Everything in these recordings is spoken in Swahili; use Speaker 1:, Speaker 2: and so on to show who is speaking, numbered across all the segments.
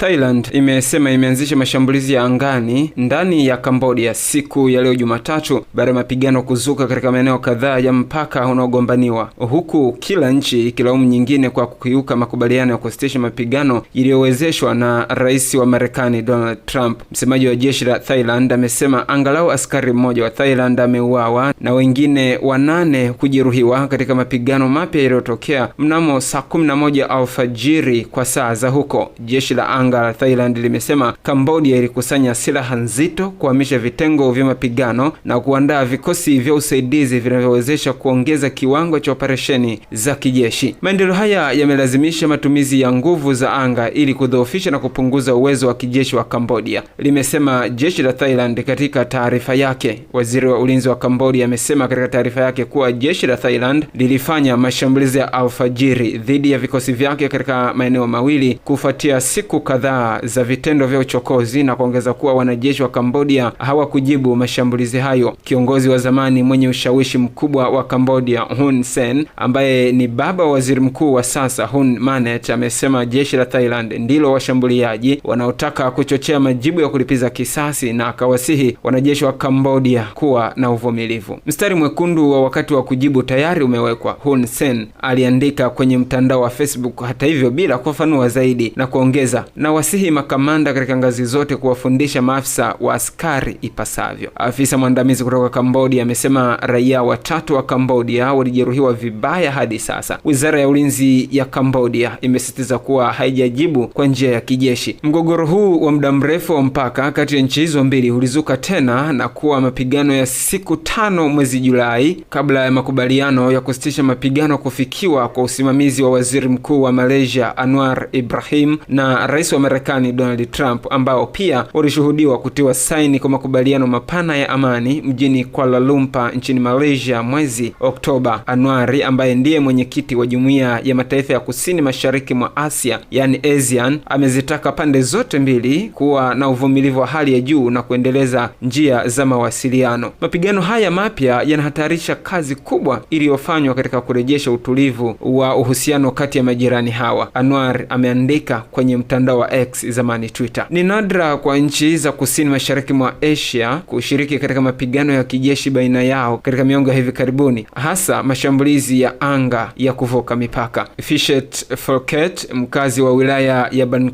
Speaker 1: Thailand imesema imeanzisha mashambulizi ya angani ndani ya Cambodia siku ya leo Jumatatu baada ya mapigano kuzuka katika maeneo kadhaa ya mpaka unaogombaniwa, huku kila nchi ikilaumu nyingine kwa kukiuka makubaliano ya kusitisha mapigano iliyowezeshwa na rais wa Marekani Donald Trump. Msemaji wa jeshi la Thailand amesema angalau askari mmoja wa Thailand ameuawa na wengine wanane kujeruhiwa katika mapigano mapya yaliyotokea mnamo saa 11 alfajiri kwa saa za huko. Jeshi la anga la Thailand limesema Kambodia ilikusanya silaha nzito, kuhamisha vitengo vya mapigano na kuandaa vikosi vya usaidizi vinavyowezesha kuongeza kiwango cha operesheni za kijeshi. Maendeleo haya yamelazimisha matumizi ya nguvu za anga ili kudhoofisha na kupunguza uwezo wa kijeshi wa Kambodia, limesema jeshi la Thailand katika taarifa yake. Waziri wa ulinzi wa Kambodia amesema katika taarifa yake kuwa jeshi la Thailand lilifanya mashambulizi ya alfajiri dhidi ya vikosi vyake katika maeneo mawili kufuatia siku kadhaa za vitendo vya uchokozi na kuongeza kuwa wanajeshi wa Kambodia hawakujibu mashambulizi hayo. Kiongozi wa zamani mwenye ushawishi mkubwa wa Kambodia Hun Sen, ambaye ni baba wa waziri mkuu wa sasa Hun Manet, amesema jeshi la Thailand ndilo washambuliaji wanaotaka kuchochea majibu ya kulipiza kisasi, na akawasihi wanajeshi wa Kambodia kuwa na uvumilivu. Mstari mwekundu wa wakati wa kujibu tayari umewekwa, Hun Sen aliandika kwenye mtandao wa Facebook, hata hivyo bila kufafanua zaidi na kuongeza na anawasihi makamanda katika ngazi zote kuwafundisha maafisa wa askari ipasavyo. Afisa mwandamizi kutoka Kambodia amesema raia watatu wa Kambodia walijeruhiwa vibaya hadi sasa. Wizara ya ulinzi ya Kambodia imesisitiza kuwa haijajibu kwa njia ya kijeshi. Mgogoro huu wa muda mrefu wa mpaka kati ya nchi hizo mbili ulizuka tena na kuwa mapigano ya siku tano mwezi Julai kabla ya makubaliano ya kusitisha mapigano kufikiwa kwa usimamizi wa waziri mkuu wa Malaysia Anwar Ibrahim na rais wa Marekani Donald Trump ambao pia walishuhudiwa kutiwa saini kwa makubaliano mapana ya amani mjini Kuala lumpa nchini Malaysia mwezi Oktoba. anuari ambaye ndiye mwenyekiti wa Jumuiya ya Mataifa ya Kusini Mashariki mwa Asia yani asian amezitaka pande zote mbili kuwa na uvumilivu wa hali ya juu na kuendeleza njia za mawasiliano. Mapigano haya mapya yanahatarisha kazi kubwa iliyofanywa katika kurejesha utulivu wa uhusiano kati ya majirani hawa, anuar ameandika kwenye mtandao wa X zamani Twitter. Ni nadra kwa nchi za kusini mashariki mwa Asia kushiriki katika mapigano ya kijeshi baina yao katika miongo ya hivi karibuni, hasa mashambulizi ya anga ya kuvuka mipaka. fishet Folket, mkazi wa wilaya ya Ban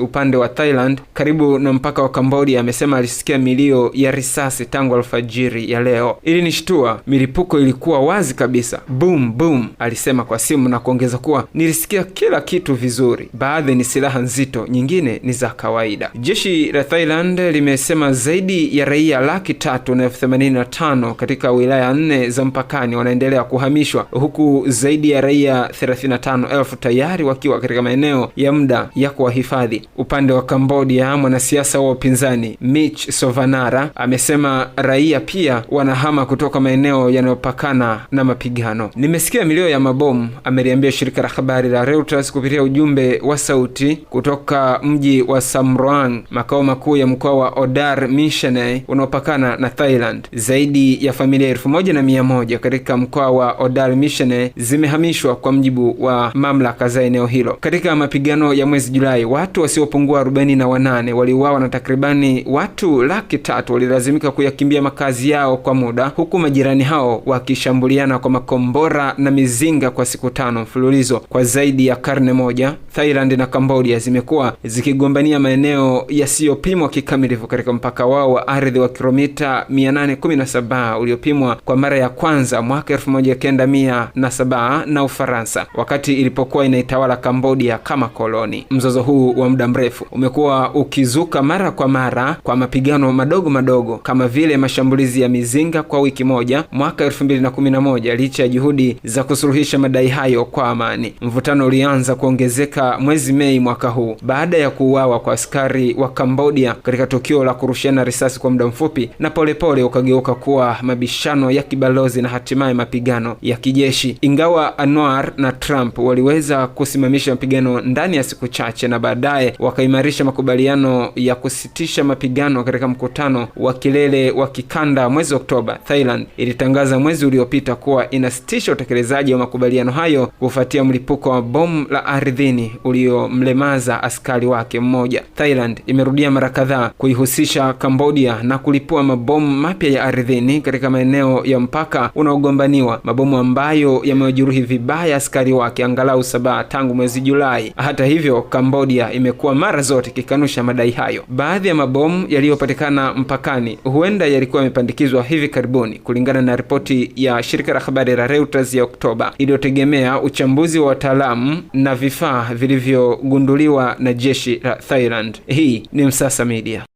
Speaker 1: upande wa Thailand karibu na mpaka wa Kambodia, amesema alisikia milio ya risasi tangu alfajiri ya leo. Ili nishtua, milipuko ilikuwa wazi kabisa, boom boom, alisema kwa simu na kuongeza kuwa nilisikia kila kitu vizuri, baadhi ni silaha nzito nzito, nyingine ni za kawaida. Jeshi la Thailand limesema zaidi ya raia laki tatu na elfu themanini na tano katika wilaya nne za mpakani wanaendelea kuhamishwa huku zaidi ya raia elfu tayari wakiwa katika maeneo ya muda ya kuwahifadhi. Upande wa Kambodia, mwanasiasa wa upinzani mich Sovanara amesema raia pia wanahama kutoka maeneo yanayopakana na mapigano. Nimesikia milio ya mabomu, ameliambia shirika la habari la Reuters kupitia ujumbe wa sauti kutoka kutoka mji wa Samruang, makao makuu ya mkoa wa Odar Missionary unaopakana na Thailand. Zaidi ya familia elfu moja na mia moja katika mkoa wa Odar Missionary zimehamishwa kwa mjibu wa mamlaka za eneo hilo. Katika mapigano ya mwezi Julai, watu wasiopungua arobaini na wanane waliuawa na takribani watu laki tatu walilazimika kuyakimbia makazi yao kwa muda, huku majirani hao wakishambuliana kwa makombora na mizinga kwa siku tano mfululizo. Kwa zaidi ya karne moja, Thailand na Cambodia zimekuwa zimekuwa zikigombania maeneo yasiyopimwa kikamilifu katika mpaka wao wa ardhi wa kilomita 817 uliopimwa kwa mara ya kwanza mwaka 1907 na Ufaransa wakati ilipokuwa inaitawala Kambodia kama koloni. Mzozo huu wa muda mrefu umekuwa ukizuka mara kwa mara kwa mapigano madogo madogo kama vile mashambulizi ya mizinga kwa wiki moja mwaka 2011 licha ya juhudi za kusuluhisha madai hayo kwa amani. Mvutano ulianza kuongezeka mwezi Mei mwaka huu baada ya kuuawa kwa askari wa Kambodia katika tukio la kurushiana risasi kwa muda mfupi, na polepole ukageuka kuwa mabishano ya kibalozi na hatimaye mapigano ya kijeshi. Ingawa Anwar na Trump waliweza kusimamisha mapigano ndani ya siku chache na baadaye wakaimarisha makubaliano ya kusitisha mapigano katika mkutano wa kilele wa kikanda mwezi Oktoba, Thailand ilitangaza mwezi uliopita kuwa inasitisha utekelezaji wa makubaliano hayo kufuatia mlipuko wa bomu la ardhini uliomlemaza askari wake mmoja. Thailand imerudia mara kadhaa kuihusisha Kambodia na kulipua mabomu mapya ya ardhini katika maeneo ya mpaka unaogombaniwa, mabomu ambayo yamewajeruhi vibaya askari wake angalau saba tangu mwezi Julai. Hata hivyo, Kambodia imekuwa mara zote ikikanusha madai hayo. Baadhi ya mabomu yaliyopatikana mpakani huenda yalikuwa yamepandikizwa hivi karibuni, kulingana na ripoti ya shirika la habari la Reuters ya Oktoba iliyotegemea uchambuzi wa wataalamu na vifaa vilivyogunduliwa na jeshi la Thailand. Hii ni Msasa Media.